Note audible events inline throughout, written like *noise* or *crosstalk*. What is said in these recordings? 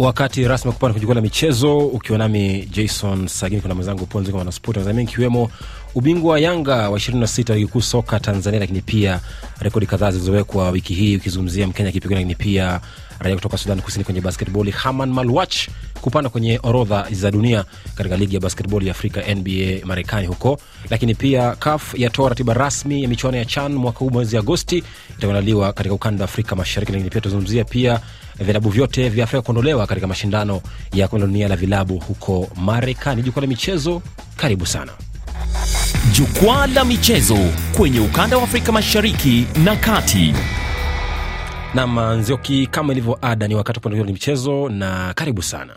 wakati rasmi kupanda kwenye kujukua la michezo ukiwa nami jason sagini kuna mwenzangu ponzi kwa mwanaspoti wanazamia ikiwemo ubingwa wa yanga wa 26 ligi kuu soka tanzania lakini pia rekodi kadhaa zilizowekwa wiki hii ukizungumzia mkenya akipigwa lakini pia raia kutoka sudan kusini kwenye basketball haman malwach kupanda kwenye orodha za dunia katika ligi ya basketball ya Afrika NBA Marekani huko. Lakini pia CAF yatoa ratiba rasmi ya michuano ya CHAN mwaka huu mwezi Agosti itaandaliwa katika ukanda wa Afrika Mashariki, lakini pia tuzungumzia pia vilabu vyote vya Afrika kuondolewa katika mashindano ya kombe la dunia la vilabu huko Marekani. Jukwaa la michezo, karibu sana jukwaa la michezo kwenye ukanda wa Afrika Mashariki na Kati. Nam Nzioki, kama ilivyo ada, ni wakati wa michezo na karibu sana.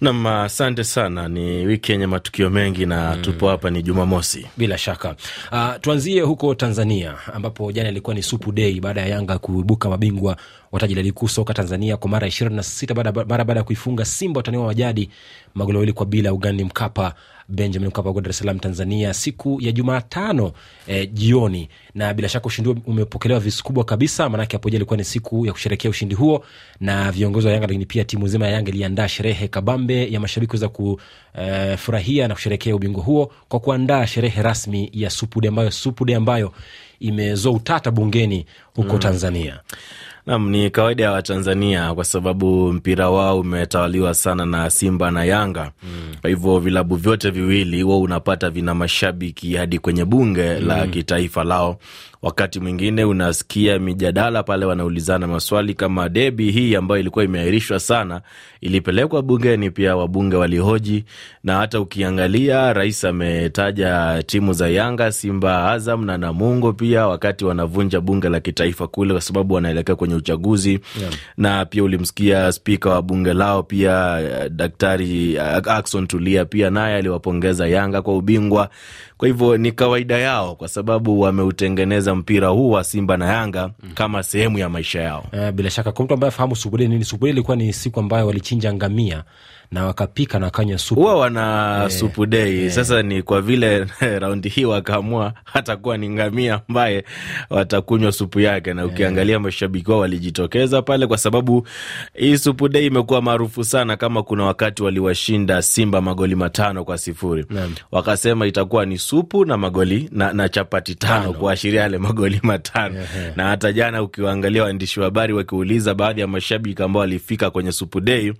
Nam, asante sana. Ni wiki yenye matukio mengi na mm. tupo hapa, ni Jumamosi bila shaka. Uh, tuanzie huko Tanzania ambapo jana ilikuwa ni supu dei baada ya Yanga kuibuka mabingwa wa taji la ligi kuu soka Tanzania kwa mara ishirini na sita mara baada ya kuifunga Simba wataniwa wajadi magoli mawili kwa bila ugani Mkapa Benjamin Mkapa, Dar es Salaam, Tanzania, siku ya Jumatano eh, jioni. Na bila shaka ushindi huo umepokelewa vikubwa kabisa, maanake hapo jana ilikuwa ni siku ya kusherekea ushindi huo, na viongozi wa Yanga lakini pia timu nzima ya Yanga iliandaa sherehe kabambe ya mashabiki weza kufurahia eh, na kusherekea ubingwa huo kwa kuandaa sherehe rasmi ya Supude ambayo Supude ambayo imezoa utata bungeni huko mm. Tanzania Nam, ni kawaida ya Watanzania kwa sababu mpira wao umetawaliwa sana na Simba na Yanga mm. Kwa hivyo vilabu vyote viwili huwa unapata vina mashabiki hadi kwenye bunge mm. la kitaifa lao. Wakati mwingine unasikia mijadala pale, wanaulizana maswali kama debi hii ambayo ilikuwa imeahirishwa sana, ilipelekwa bungeni, pia wabunge walihoji, na hata ukiangalia rais ametaja timu za Yanga, Simba, Azam na Namungo pia wakati wanavunja bunge la kitaifa kule, kwa sababu wanaelekea kwenye uchaguzi yeah. na pia ulimsikia spika wa bunge lao pia eh, Daktari eh, Akson Tulia pia naye aliwapongeza Yanga kwa ubingwa. Kwa hivyo ni kawaida yao, kwa sababu wameutengeneza mpira huu wa Simba na Yanga mm. kama sehemu ya maisha yao. Uh, bila shaka kwa mtu ambaye afahamu Subudia nini, ilikuwa ni siku ambayo walichinja ngamia na wakapika na kanywa supu. Huwa wana e, supu dei e. Eh. Sasa ni kwa vile *laughs* raundi hii wakaamua hata kuwa ni ngamia ambaye watakunywa supu yake, na eh. ukiangalia mashabiki wao walijitokeza pale, kwa sababu hii supu dei imekuwa maarufu sana, kama kuna wakati waliwashinda Simba magoli matano kwa sifuri Naam. wakasema itakuwa ni supu na magoli na, na chapati tano kuashiria yale magoli matano yeah, yeah. na hata jana ukiwaangalia waandishi wa habari wakiuliza baadhi ya mashabiki ambao walifika kwenye supu dei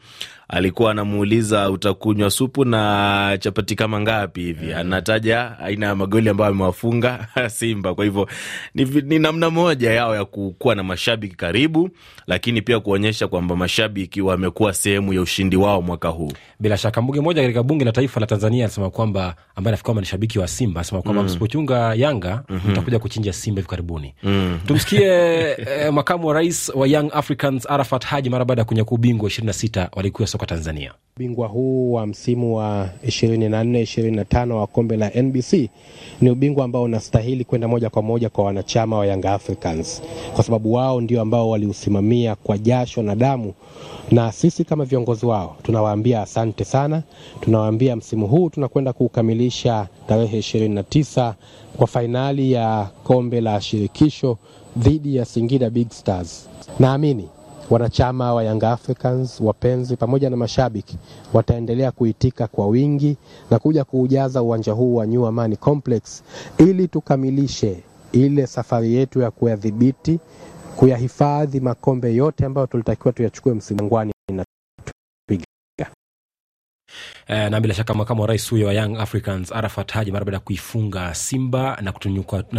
alikuwa anamuuliza utakunywa supu na chapati kama ngapi hivi, eh. anataja aina ya magoli ambayo amewafunga *laughs* Simba. Kwa hivyo ni, ni namna moja yao ya kuwa na mashabiki karibu, lakini pia kuonyesha kwamba mashabiki wamekuwa sehemu ya ushindi wao mwaka huu. Bila shaka mbunge moja katika bunge la taifa la Tanzania anasema kwamba ambaye nafikiri kwamba ni shabiki wa Simba anasema kwamba mm. msipochunga mm. Yanga mm-hmm. mtakuja kuchinja Simba hivi karibuni mm. Tumsikie *laughs* eh, makamu wa rais wa Young Africans Arafat Haji mara baada ya kunyakua ubingwa ishirini na sita walikuwa soka Tanzania. Ubingwa huu wa msimu wa 24 25 wa kombe la NBC ni ubingwa ambao unastahili kwenda moja kwa moja kwa wanachama wa Young Africans, kwa sababu wao ndio ambao waliusimamia kwa jasho na damu, na sisi kama viongozi wao tunawaambia asante sana. Tunawaambia msimu huu tunakwenda kuukamilisha tarehe 29 kwa fainali ya kombe la shirikisho dhidi ya Singida Big Stars. Naamini wanachama wa Young Africans, wapenzi pamoja na mashabiki wataendelea kuitika kwa wingi na kuja kuujaza uwanja huu wa New Amani Complex ili tukamilishe ile safari yetu ya kuyadhibiti, kuyahifadhi makombe yote ambayo tulitakiwa tuyachukue msimu ngwani. E, na bila shaka makamu wa rais huyo wa Young Africans Arafat Haji mara baada ya kuifunga Simba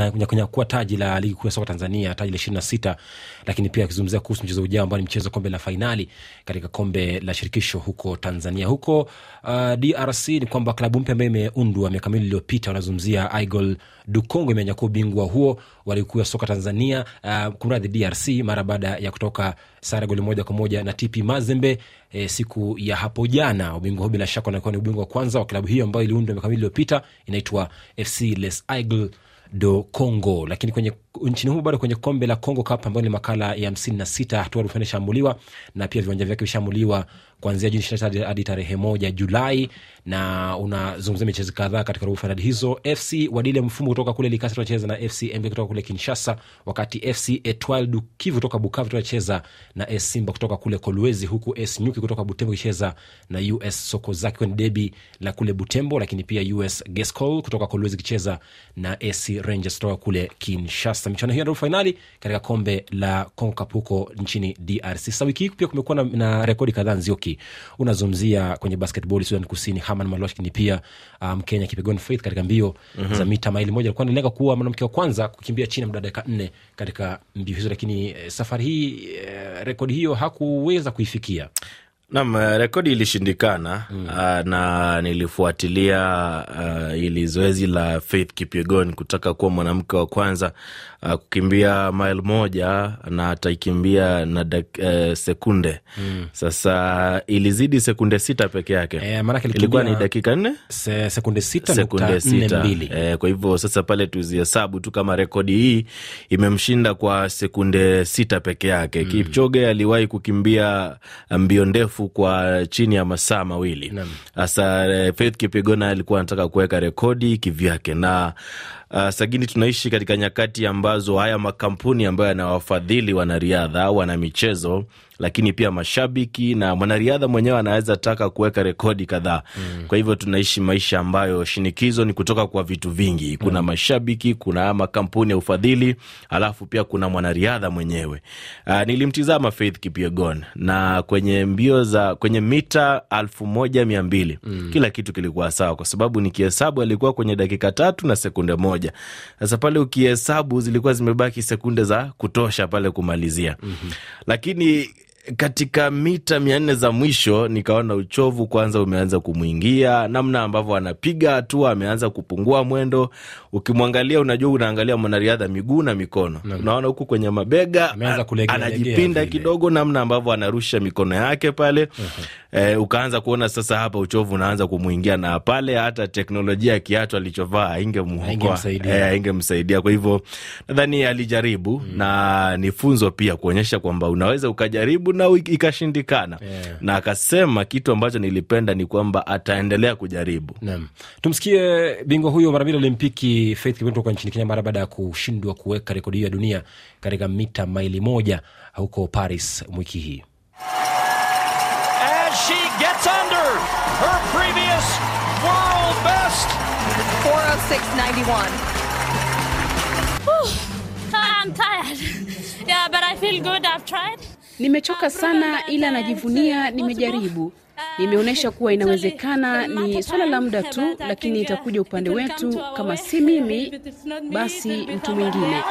na kunyakua taji la ligi kuu ya soka Tanzania, taji la ishirini na sita, lakini pia akizungumzia kuhusu mchezo ujao ambao ni mchezo kombe la fainali katika kombe la shirikisho huko Tanzania. Huko uh, DRC ni kwamba klabu mpya ambayo imeundwa miaka miwili iliyopita, wanazungumzia Igol du Congo imenyakua ubingwa huo wa ligi kuu ya soka Tanzania, uh, kumradhi DRC, mara baada ya kutoka sare goli moja kwa moja na TP Mazembe e, siku ya hapo jana. Ubingwa huu bila shaka unakuwa ni ubingwa wa kwanza wa klabu hiyo ambayo iliundwa miaka miwili iliyopita, inaitwa FC Les aigle do Congo, lakini kwenye nchini humo bado kwenye kombe la Congo Cup ambayo ni makala ya hamsini na sita hatua rufani ishaamuliwa na pia viwanja vyake vishambuliwa kuanzia Juni ishirini na tatu hadi tarehe moja Julai, na unazungumzia michezo kadhaa katika robo fainali hizo. FC Wadile Mfumo kutoka kule Likasi tunacheza na FC MB kutoka kule Kinshasa, wakati FC Etoile du Kivu kutoka Bukavu tunacheza na AS Simba kutoka kule Kolwezi, huku AS Nyuki kutoka Butembo ikicheza na US Soko zake kwenye debi la kule Butembo, lakini pia US Gescol kutoka Kolwezi ikicheza na AS Rangers kutoka kule Kinshasa kucheza michuano hiyo ya robo fainali katika kombe la CONCACAF huko nchini DRC. Sasa wiki hii pia kumekuwa na, na rekodi kadhaa Nzioki, unazungumzia kwenye basketball Sudan Kusini, Haman Malosh ni pia Mkenya um, Kipyegon Faith katika mbio mm-hmm. za mita maili moja alikuwa analenga kuwa mwanamke wa kwanza kukimbia chini ya muda wa dakika nne katika mbio hizo, lakini eh, safari hii eh, rekodi hiyo hakuweza kuifikia. Nam, eh, rekodi ilishindikana mm. Uh, na nilifuatilia uh, ili zoezi la Faith Kipyegon kutaka kuwa mwanamke wa kwanza uh, kukimbia mile moja na ataikimbia na dak, uh, sekunde mm. Sasa ilizidi sekunde sita peke yake e, ilikuwa ni dakika nne se, sekunde sita, sekunde sita. E, kwa hivyo sasa pale tuzihesabu tu kama rekodi hii imemshinda kwa sekunde sita peke yake mm. Kipchoge aliwahi kukimbia mbio ndefu kwa chini ya masaa mawili sasa eh, Faith Kipigona alikuwa anataka kuweka rekodi kivyake na Uh, ah, Sagini, tunaishi katika nyakati ambazo haya makampuni ambayo yanawafadhili wanariadha au wanamichezo lakini pia mashabiki na mwanariadha mwenyewe anaweza taka kuweka rekodi kadhaa mm. Kwa hivyo tunaishi maisha ambayo shinikizo ni kutoka kwa vitu vingi, kuna mm. mashabiki, kuna makampuni ya ufadhili, alafu pia kuna mwanariadha mwenyewe. Uh, nilimtizama Faith kipiegon na kwenye mbio za kwenye mita alfu moja mia mbili mm. kila kitu kilikuwa sawa, kwa sababu nikihesabu alikuwa kwenye dakika tatu na sekunde moja. Sasa pale ukihesabu zilikuwa zimebaki sekunde za kutosha pale kumalizia mm-hmm. lakini katika mita mia nne za mwisho nikaona uchovu kwanza umeanza kumwingia, namna ambavyo anapiga hatua ameanza kupungua mwendo. Ukimwangalia unajua, unaangalia mwanariadha miguu na mikono mm. Unaona huku kwenye mabega anajipinda kidogo, namna ambavyo anarusha mikono yake pale uh -huh. E, ukaanza kuona sasa hapa uchovu unaanza kumwingia, na pale hata teknolojia ya kiatu alichovaa aingemsaidia e, eh, kwa hivyo nadhani alijaribu mm. na ni funzo pia kuonyesha kwamba unaweza ukajaribu kujaribu nao ikashindikana yeah. na akasema kitu ambacho nilipenda ni kwamba ataendelea kujaribu Naam. tumsikie bingwa huyo mara mbili olimpiki Faith Kipyegon kutoka nchini Kenya mara baada ya kushindwa kuweka rekodi hiyo ya dunia katika mita maili moja huko Paris wiki hii oh *laughs* yeah, but I feel good. I've tried. Nimechoka sana, ila najivunia, nimejaribu, nimeonyesha kuwa inawezekana. Ni swala la muda tu, lakini itakuja upande wetu. Kama si mimi, basi mtu mwingine.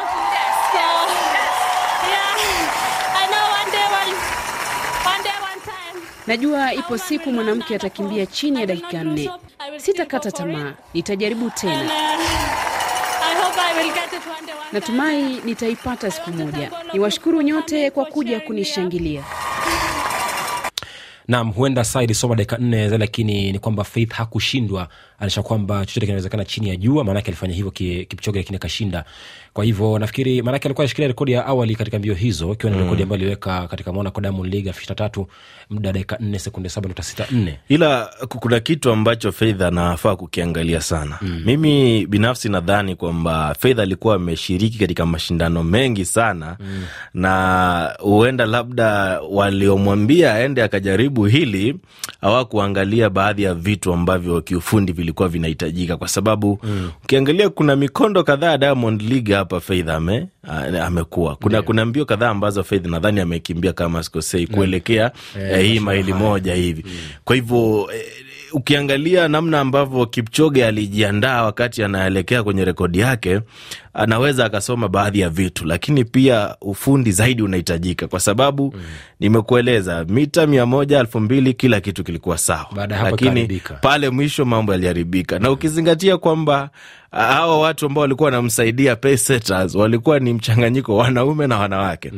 Najua ipo siku mwanamke atakimbia chini ya dakika nne. Sitakata tamaa, nitajaribu tena. Natumai nitaipata siku moja. Niwashukuru nyote kwa kuja kunishangilia nam huenda saa ilisoma dakika nne, lakini ni kwamba Faith hakushindwa, anaisha kwamba chochote kinawezekana chini ya jua, maanake alifanya hivyo Kipchoge, lakini akashinda. Kwa hivyo nafikiri, maanake alikuwa ashikilia rekodi ya awali katika mbio hizo, ikiwa ni mm. rekodi ambayo aliweka katika Monaco Diamond League elfu ishirini tatu muda dakika nne sekunde saba nukta sita nne. Ila kuna kitu ambacho Faith anafaa kukiangalia sana. Mm. Mimi binafsi nadhani kwamba Faith alikuwa ameshiriki katika mashindano mengi sana mm. na huenda labda waliomwambia aende akajaribu jaribu hili hawakuangalia baadhi ya vitu ambavyo kiufundi vilikuwa vinahitajika, kwa sababu mm. ukiangalia kuna mikondo kadhaa Diamond League hapa Faith ame amekuwa kuna, yeah. kuna mbio kadhaa ambazo Faith nadhani amekimbia kama sikosei kuelekea yeah. Eh, yeah, hii maili moja hivi yeah. kwa hivyo eh, ukiangalia namna ambavyo Kipchoge alijiandaa wakati anaelekea kwenye rekodi yake anaweza akasoma baadhi ya vitu, lakini pia ufundi zaidi unahitajika, kwa sababu mm. nimekueleza mita mia moja elfu mbili kila kitu kilikuwa sawa, lakini karibika. pale mwisho mambo yaliharibika mm. na ukizingatia kwamba hawa watu ambao walikuwa wanamsaidia paysetters walikuwa ni mchanganyiko wanaume na wanawake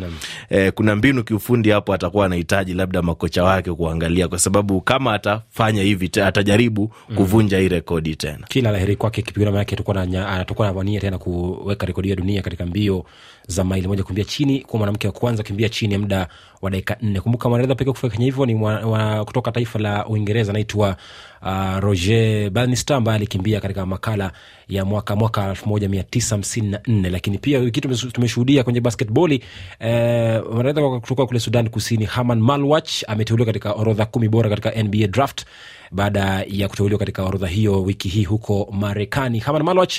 E, kuna mbinu kiufundi hapo atakuwa anahitaji labda makocha wake kuangalia, kwa sababu kama atafanya hivi atajaribu mm. kuvunja mm. hii rekodi tena. Kila laheri kwake kipigano, manake atakuwa anawania tena ku kuweka rekodi ya dunia katika mbio za maili moja kumbia chini kuwa mwanamke wa kwanza kukimbia chini ya muda wa dakika nne. Kumbuka mwanariadha pekee kufanya hivyo ni mwa, mwa, kutoka taifa la Uingereza anaitwa uh, Roger Bannister ambaye alikimbia katika makala ya mwaka mwaka 1954 lakini pia kitu tumeshuhudia kwenye basketball eh, wanaweza kutoka kule Sudan Kusini, Herman Malwach ameteuliwa katika orodha kumi bora katika NBA draft baada ya kuteuliwa katika orodha hiyo wiki hii huko Marekani. Herman Malwach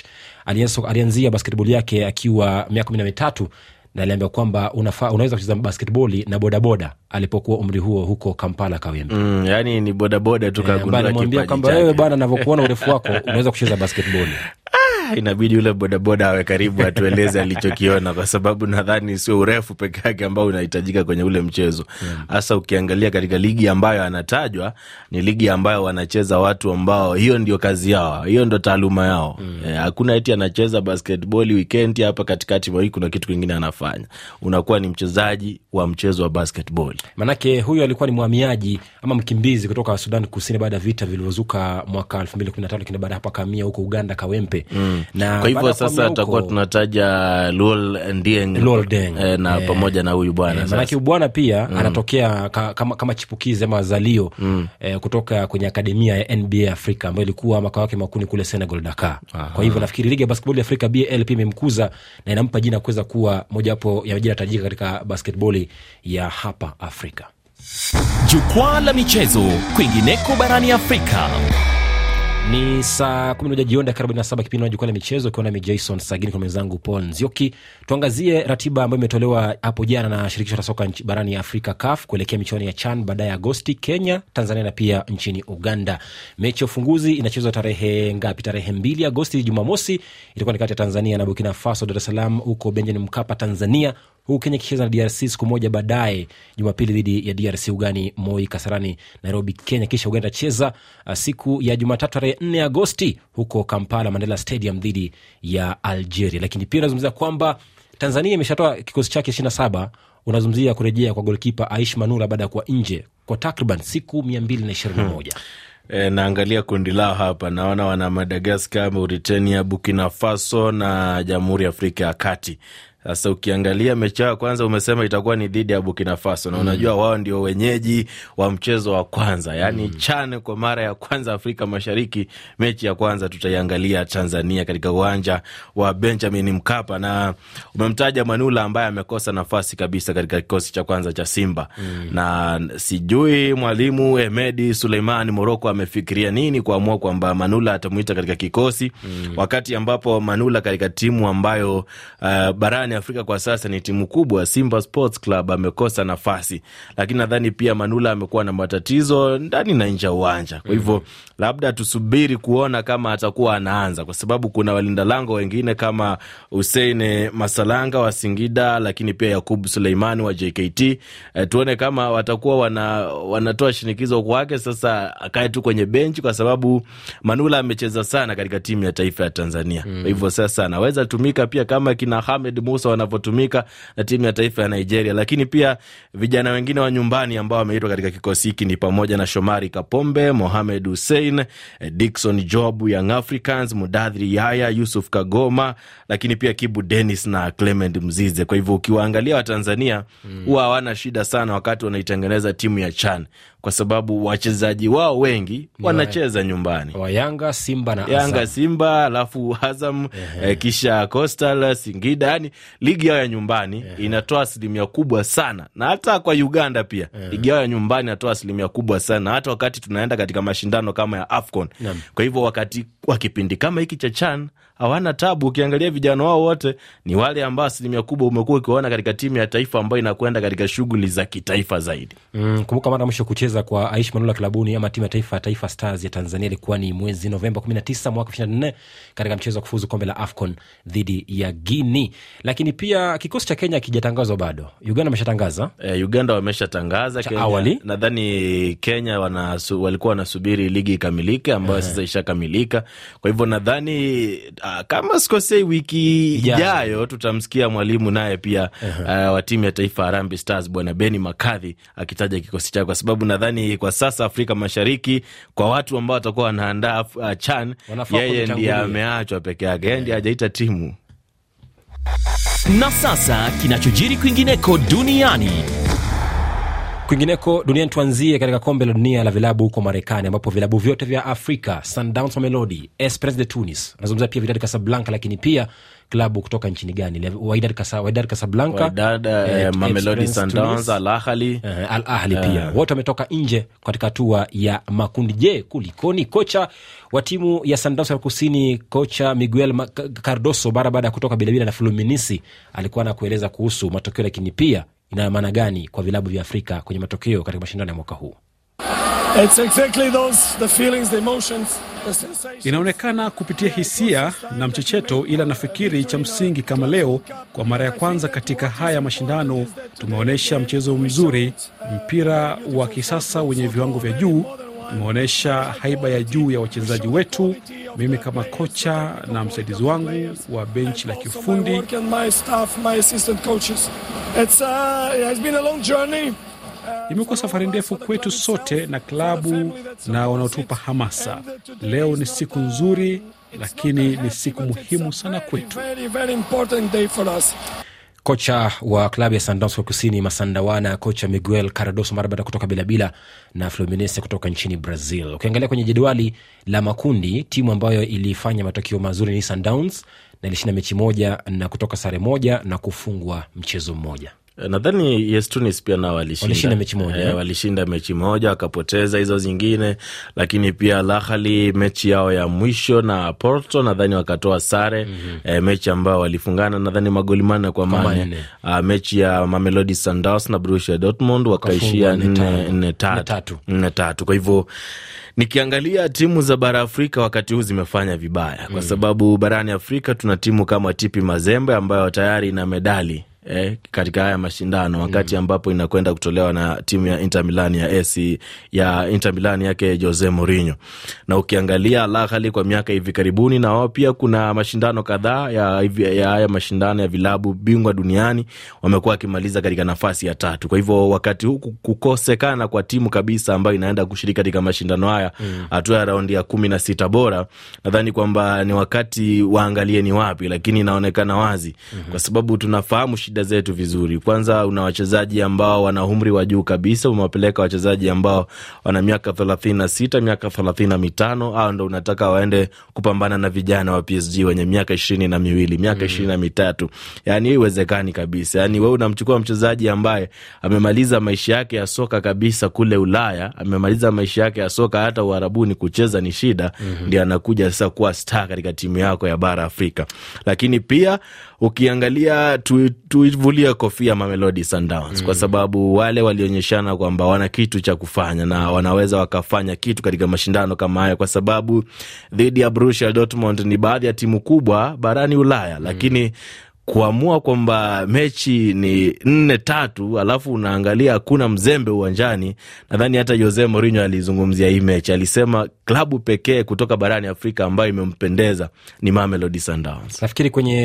alianzia basketball yake akiwa miaka 13 na mitatu aliambia kwamba unafaa, unaweza kucheza basketboli na bodaboda alipokuwa umri huo huko Kampala Kawembe. Mm, yani ni bodaboda tu eh, kagundua, kipaji eh, kwamba wewe bwana, navyokuona urefu wako *laughs* unaweza kucheza basketboli inabidi yule bodaboda awe karibu atueleze alichokiona, kwa sababu nadhani sio urefu peke yake ambao unahitajika kwenye ule mchezo hasa yeah. Ukiangalia katika ligi ambayo anatajwa ni ligi ambayo wanacheza watu ambao hiyo ndio kazi yao, hiyo ndio taaluma yao mm. Eh, hakuna eti anacheza basketball weekend hapa katikati mwa wiki kuna kitu kingine anafanya, unakuwa ni mchezaji wa mchezo wa basketball. Manake huyo alikuwa ni mhamiaji ama mkimbizi kutoka Sudan Kusini baada ya vita vilivyozuka mwaka elfu mbili kumi na tatu lakini baada hapo akahamia huko Uganda Kawempe mm. Na kwa hivyo sasa tutakuwa tunataja Luol Ndieng, Luol Deng e, eh, na e, pamoja na huyu bwana e, eh, manake bwana pia mm. anatokea ka, kama, kama chipukizi ama zalio mm. e, kutoka kwenye akademia ya NBA Afrika ambayo ilikuwa makao yake makuu kule Senegal, Dakar. Aha. Kwa hivyo nafikiri ligi ya basketball ya Afrika BAL pia imemkuza na inampa jina kuweza kuwa mojawapo ya majina tajika katika basketball ya hapa Afrika. Jukwaa la michezo kwingineko barani Afrika. Ni saa kumi na moja jioni dakika arobaini na saba kipindi na jukwaa la michezo, ukiwa nami Jason Sagini kwa mwenzangu Paul Nzioki. Tuangazie ratiba ambayo imetolewa hapo jana na shirikisho la soka barani ya Afrika, CAF, kuelekea michuano ya CHAN baadaye Agosti, Kenya, Tanzania na pia nchini Uganda. Mechi ya ufunguzi inachezwa tarehe ngapi? Tarehe mbili Agosti, Jumamosi, itakuwa ni kati ya Tanzania na Burkina Faso, Dar es Salaam, huko Benjamin Mkapa, Tanzania, huku Kenya ikicheza na DRC siku moja baadaye, Jumapili dhidi ya DRC ugani Moi Kasarani, Nairobi, Kenya. Kisha Uganda itacheza uh, siku ya Jumatatu tarehe nne Agosti huko Kampala, Mandela Stadium dhidi ya Algeria. Lakini pia unazungumzia kwamba Tanzania imeshatoa kikosi chake ishirini na saba. Unazungumzia kurejea kwa golkipa Aish Manula baada ya kuwa nje kwa takriban siku mia mbili na ishirini na hmm. moja. E, naangalia kundi lao hapa, naona wana Madagaskar, Mauritania, Burkina Faso na Jamhuri ya Afrika ya Kati sasa ukiangalia mechi yao kwanza, umesema itakuwa ni dhidi ya Burkina Faso na mm. unajua wao ndio wenyeji wa mchezo wa kwanza, yani mm. chane kwa mara ya kwanza Afrika Mashariki. Mechi ya kwanza tutaiangalia Tanzania katika uwanja wa Benjamin Mkapa, na umemtaja Manula ambaye amekosa nafasi kabisa katika kikosi cha kwanza cha Simba mm. na sijui mwalimu Emedi Suleiman Moroko amefikiria nini kuamua kwamba Manula atamuita katika kikosi mm. wakati ambapo Manula katika timu ambayo uh, barani barani Afrika kwa sasa ni timu kubwa. Simba Sports Club amekosa nafasi, lakini nadhani pia Manula amekuwa na matatizo ndani na nje ya uwanja. Kwa hivyo mm -hmm. labda tusubiri kuona kama atakuwa anaanza, kwa sababu kuna walinda lango wengine kama Hussein Masalanga wa Singida, lakini pia Yakub Suleimani wa JKT. E, eh, tuone kama watakuwa wana, wanatoa shinikizo kwake. Sasa akae tu kwenye benchi, kwa sababu Manula amecheza sana katika timu ya taifa ya Tanzania. Kwa mm -hmm. hivyo sasa anaweza tumika pia kama kina Hamed Musa Musa wanavyotumika na timu ya taifa ya Nigeria. Lakini pia vijana wengine wa nyumbani ambao wameitwa katika kikosi hiki ni pamoja na Shomari Kapombe, Mohamed Hussein, eh, Dickson Job, Young Africans, Mudadhiri Yaya, Yusuf Kagoma, lakini pia Kibu Dennis na Clement Mzize. Kwa hivyo ukiwaangalia Watanzania hmm. huwa hawana shida sana wakati wanaitengeneza timu ya CHAN kwa sababu wachezaji wao wengi wanacheza nyumbani wa Yanga, Simba na Yanga, Simba alafu Azam eh, kisha Coastal, Singida. Yani ligi yao ya nyumbani Ehe. inatoa asilimia kubwa sana, na hata kwa Uganda pia Ehe. ligi yao ya nyumbani inatoa asilimia kubwa sana, hata wakati tunaenda katika mashindano kama ya AFCON. Kwa hivyo wakati wa kipindi kama hiki cha CHAN hawana tabu. Ukiangalia vijana wao wote ni wale ambao asilimia kubwa umekuwa ukiwaona katika timu ya taifa ambayo inakwenda katika shughuli za kitaifa zaidi. Mm, kumbuka mara mwisho kucheza kucheza kwa Aishi Manula klabuni ama timu ya taifa ya Taifa Stars ya Tanzania ilikuwa ni mwezi Novemba 19 mwaka 24 katika mchezo wa kufuzu kombe la AFCON dhidi ya Guini. Lakini pia kikosi cha Kenya kijatangazwa bado. Uganda wameshatangaza e, Uganda wameshatangaza awali nadhani Kenya wanasu, walikuwa wanasubiri ligi ikamilike ambayo uh sasa ishakamilika, kwa hivyo nadhani uh, kama sikosei wiki ijayo yeah. tutamsikia mwalimu naye pia uh -huh. uh, wa timu ya taifa Harambee Stars bwana Beni Makadhi akitaja kikosi chake kwa sababu na nadhani kwa sasa Afrika Mashariki kwa watu ambao watakuwa wanaandaa uh, CHAN yeye ndiye ameachwa peke yake, yeye ndiye hajaita timu. Na sasa kinachojiri kwingineko duniani Kwingineko duniani, tuanzie katika kombe la dunia la vilabu huko Marekani, ambapo vilabu vyote vya Afrika, Sundowns Mamelodi, Esperance de Tunis, anazungumzia pia Wydad Casablanca, lakini pia klabu kutoka nchini gani? Wydad Casablanca, eh, eh, Mamelodi Sundowns, Al Ahly, eh, Al Ahly pia wote wametoka nje katika hatua ya makundi. Je, kulikoni? Kocha wa timu ya Sundowns ya Kusini, kocha Miguel Cardoso, mara baada ya kutoka Bilabila na Fluminisi, alikuwa na kueleza kuhusu matokeo, lakini pia ina maana gani kwa vilabu vya Afrika kwenye matokeo katika mashindano ya mwaka huu? Exactly those, the feelings, the emotions, the inaonekana kupitia hisia na mchecheto, ila nafikiri cha msingi kama leo, kwa mara ya kwanza katika haya mashindano tumeonyesha mchezo mzuri, mpira wa kisasa wenye viwango vya juu umeonyesha haiba ya juu ya wachezaji wetu. Mimi kama kocha na msaidizi wangu wa benchi la kiufundi Imekuwa safari ndefu kwetu sote na klabu na wanaotupa hamasa. Leo ni siku nzuri, lakini ni siku muhimu sana kwetu. Kocha wa klabu ya Sundowns kwa kusini Masandawana, kocha Miguel Cardoso marabada kutoka Bilabila na Fluminense kutoka nchini Brazil. Ukiangalia kwenye jedwali la makundi, timu ambayo ilifanya matokeo mazuri ni Sundowns na ilishinda mechi moja na kutoka sare moja na kufungwa mchezo mmoja. Eh, nadhani Yestunis pia nao walishinda mechi moja, e, walishinda mechi moja wakapoteza hizo zingine, lakini pia Lahali mechi yao ya mwisho na Porto nadhani wakatoa sare mm-hmm. E, mechi ambayo walifungana nadhani magoli manne kwa mane. A, ah, mechi ya Mamelodi sandos na brusia Dortmund wakaishia nne tatu nne tatu. Kwa hivyo nikiangalia timu za bara Afrika wakati huu zimefanya vibaya kwa mm. sababu barani Afrika tuna timu kama Tipi Mazembe ambayo tayari ina medali eh, katika haya mashindano wakati ambapo inakwenda kutolewa na timu ya Inter Milan ya AC ya Inter Milan yake Jose Mourinho. Na ukiangalia Al Ahly kwa miaka hivi karibuni, na wao pia kuna mashindano kadhaa ya ya haya mashindano ya vilabu bingwa duniani wamekuwa wakimaliza katika nafasi ya tatu. Kwa hivyo wakati huu kukosekana kwa timu kabisa ambayo inaenda kushiriki katika mashindano haya mm. hatua ya raundi ya kumi na sita bora, nadhani kwamba ni wakati waangalie ni wapi, lakini inaonekana wazi mm-hmm. kwa sababu tunafahamu shida zetu vizuri. Kwanza una wachezaji ambao wana umri wa juu kabisa, umewapeleka wachezaji ambao wana miaka thelathini na sita, miaka thelathini na mitano, au ndo unataka waende kupambana na vijana wa PSG wenye miaka ishirini na miwili, miaka ishirini mm. na mitatu? Yani hiyo iwezekani kabisa. Yani wewe unamchukua mchezaji ambaye amemaliza maisha yake ya soka kabisa kule Ulaya, amemaliza maisha yake ya soka hata uharabuni kucheza ni shida, mm -hmm. ndio anakuja sasa kuwa star katika timu yako ya bara Afrika, lakini pia ukiangalia tuivulie tu kofia Mamelodi Sundowns mm. kwa sababu wale walionyeshana kwamba wana kitu cha kufanya na wanaweza wakafanya kitu katika mashindano kama hayo, kwa sababu dhidi ya Borussia Dortmund ni baadhi ya timu kubwa barani Ulaya, lakini mm kuamua kwamba mechi ni nne tatu, alafu unaangalia hakuna mzembe uwanjani. Nadhani hata Jose Mourinho alizungumzia hii mechi, alisema klabu pekee kutoka barani Afrika ambayo imempendeza ni Mamelodi Sundowns. Nafikiri kwenye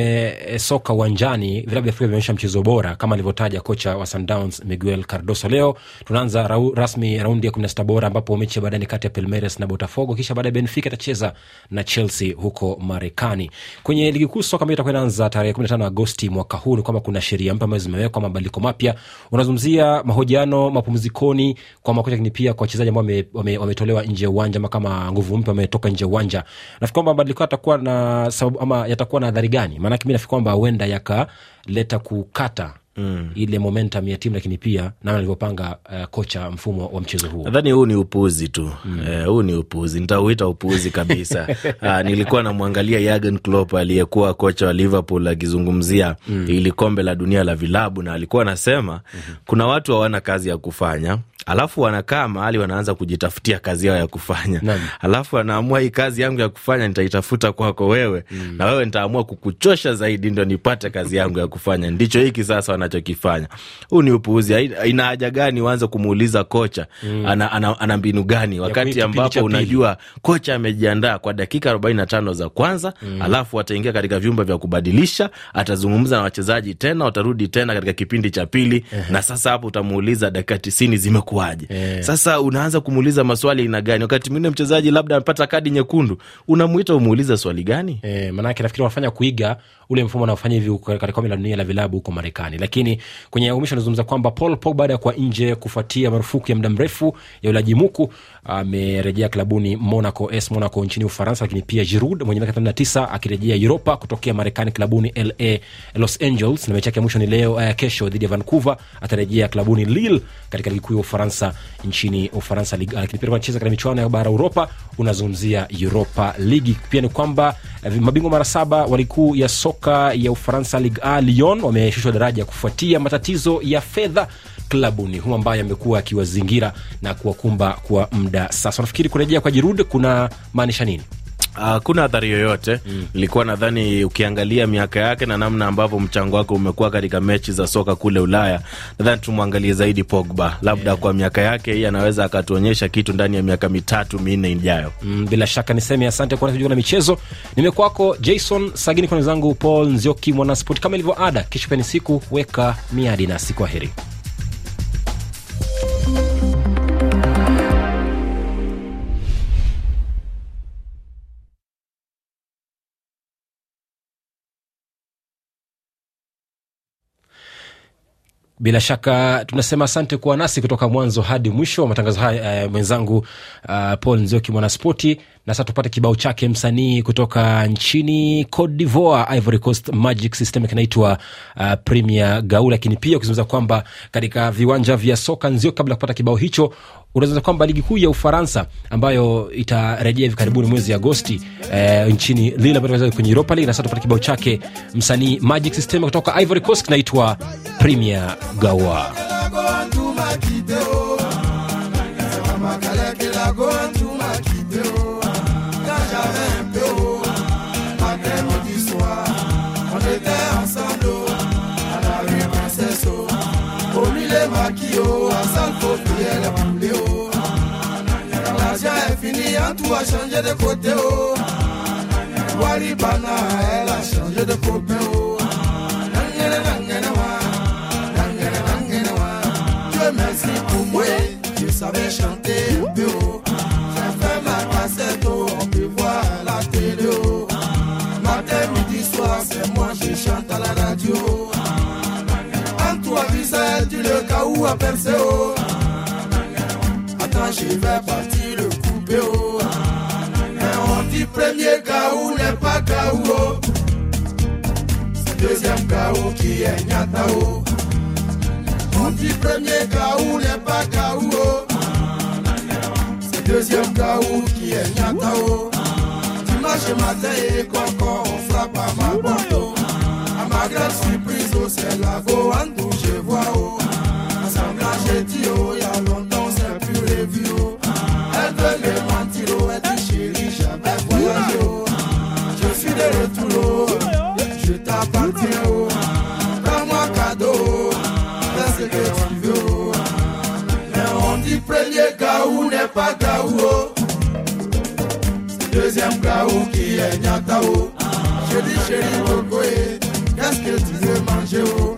eh, soka uwanjani vilabu vya Afrika vimeonyesha mchezo bora kama alivyotaja kocha wa Sundowns Miguel Cardoso. Leo tunaanza rau, rasmi raundi ya kumi na sita bora ambapo mechi ya baadaye ni kati ya Palmeiras na Botafogo, kisha baadaye Benfica itacheza na Chelsea huko Marekani. Kwenye ligi kuu soka ambayo itakuwa inaanza tarehe kumi na tano Agosti mwaka huu ni kwamba kuna sheria mpya ambayo zimewekwa, mabadiliko mapya. Unazungumzia mahojiano mapumzikoni kwa makocha, lakini pia kwa wachezaji ambao wametolewa nje ya uwanja ama kama nguvu mpya wametoka nje ya uwanja. Nafikiri kwamba mabadiliko yatakuwa na sababu ama yatakuwa na adhari gani? Maanake mi nafikiri kwamba huenda yakaleta kukata mm. ile momentum ya timu, lakini pia namna alivyopanga uh, kocha mfumo wa mchezo huo. Nadhani huu ni upuzi tu mm. Eh, huu ni upuzi, nitauita upuzi kabisa. Aa, *laughs* ah, nilikuwa namwangalia Jurgen Klopp aliyekuwa kocha wa Liverpool akizungumzia mm. ili kombe la dunia la vilabu, na alikuwa anasema mm-hmm. kuna watu hawana kazi ya kufanya alafu wanakaa mahali wanaanza kujitafutia kazi yao ya kufanya Nani. alafu anaamua hii kazi yangu ya kufanya nitaitafuta kwako wewe mm. na wewe nitaamua kukuchosha zaidi ndo nipate kazi yangu ya kufanya ndicho hiki sasa wanachokifanya huu ni upuuzi ina haja gani uanze kumuuliza kocha mm. ana, ana, ana mbinu gani wakati ambapo unajua kocha amejiandaa kwa dakika 45 za kwanza mm. alafu ataingia katika vyumba vya kubadilisha atazungumza na wachezaji tena watarudi tena katika kipindi cha pili uh -huh. na sasa hapo utamuuliza dakika tisini zimeku itakuwaje? Yeah. Sasa unaanza kumuuliza maswali aina gani? Wakati mwingine mchezaji labda amepata kadi nyekundu, unamwita umuuliza swali gani? Yeah, maanake nafikiri wanafanya kuiga ule mfumo wanaofanya hivi katika kombe la dunia la vilabu huko Marekani. Lakini kwenye umisho anazungumza kwamba Paul Pogba baada ya kuwa nje kufuatia marufuku ya muda mrefu ya ulaji muku amerejea klabuni Monaco AS Monaco nchini Ufaransa, lakini pia Giroud mwenye miaka 39 akirejea Uropa kutokea Marekani klabuni LA Los Angeles, na mechi yake ya mwisho ni leo uh, kesho dhidi ya Vancouver. Atarejea klabuni Lille katika ligi kuu ya Ufaransa nchini Ufaransa, ah, lakini pia anacheza katika michuano ya bara Uropa, unazungumzia Uropa Ligi. Pia ni kwamba eh, mabingwa mara saba wa ligi kuu ya soka soka ya Ufaransa Ligue A, Lyon wameshushwa daraja kufuatia matatizo ya fedha klabuni huu ambayo amekuwa akiwazingira na kuwakumba kwa muda sasa. Nafikiri kurejea kwa Giroud kuna maanisha nini? Ah, hakuna uh, athari yoyote mm. Ilikuwa nadhani ukiangalia miaka yake na namna ambavyo mchango wake umekuwa katika mechi za soka kule Ulaya, nadhani tumwangalie zaidi Pogba labda yeah. Kwa miaka yake hii anaweza akatuonyesha kitu ndani ya miaka mitatu minne ijayo. Mm, bila shaka niseme asante kwa kujua na michezo. Nimekwako Jason Sagini kwa wenzangu Paul Nzioki, Mwanaspoti. Kama ilivyo ada, kesho siku weka miadi nasi, kwaheri. Bila shaka tunasema asante kuwa nasi kutoka mwanzo hadi mwisho wa matangazo haya. uh, mwenzangu uh, Paul Nzioki mwanaspoti. Na sasa tupate kibao chake msanii kutoka nchini codivoa d'Ivoire, Ivory Coast, Magic System kinaitwa uh, Premier gau Lakini pia ukizungumza kwamba katika viwanja vya soka Nzioki, kabla ya kupata kibao hicho unazoza kwamba ligi kuu ya Ufaransa ambayo itarejea hivi karibuni mwezi Agosti eh, nchini Lille ambayo kwenye Europa League, na sasa tupata kibao chake msanii Magic System kutoka Ivory Coast kinaitwa Premier Gawa. Quand toi a changé de côté, oh. elle a changé de côté oh. Nangene, nangenewa, Dieu merci pour moi, je savais chanter, oh. J'ai fait ma cassette, oh. On peut voir la télé, oh. Matin, midi, soir, c'est moi, je chante à la radio. En toi, visage, tu le cas où à percer, oh. Attends, je vais partir, on dit premier gaou les pas gaou C'est deuxième gaou qui est Nyatao. On dit premier gaou les pas gaou C'est deuxième gaou qui est Nyatao. Tu Dimanche matin et quand on frappe à ma porte À ma grande surprise au oh, c'est la voie, je vois Ensemble oh, dit oh, y a longtemps. Ah, je suis de retour, je t'appartiens, prends-moi cadeau, fais ce que tu veux, mais on dit premier gaou n'est pas gaou, deuxième gaou qui est nyatao, je dis chérie Bokoé, eh, qu'est-ce que tu veux manger, oh?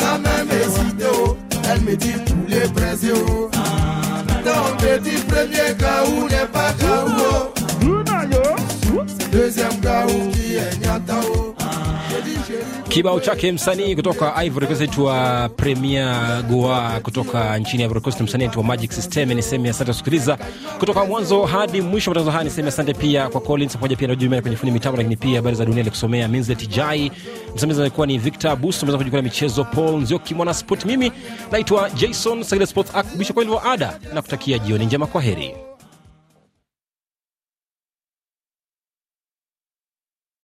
Sa ça même hésité, oh. elle me dit kibao chake msanii kutoka Ivory Coast aitwa Premier Goa kutoka nchini Ivory Coast, msanii aitwa Magic System. Ni sehemu ya asante kusikiliza kutoka mwanzo hadi mwisho matangazo haya. Ni sehemu ya asante pia kwa Collins pamoja pia na Juma kwenye fundi mitambo, lakini pia habari za dunia alikusomea Minzlet Jai, msimamizi alikuwa ni Victor Buso, kujukula kujikula michezo Paul Nzioki, mwana sport. Mimi naitwa Jason Sagile Sports bisho kwa ilivyo ada, na kutakia jioni njema, kwa heri.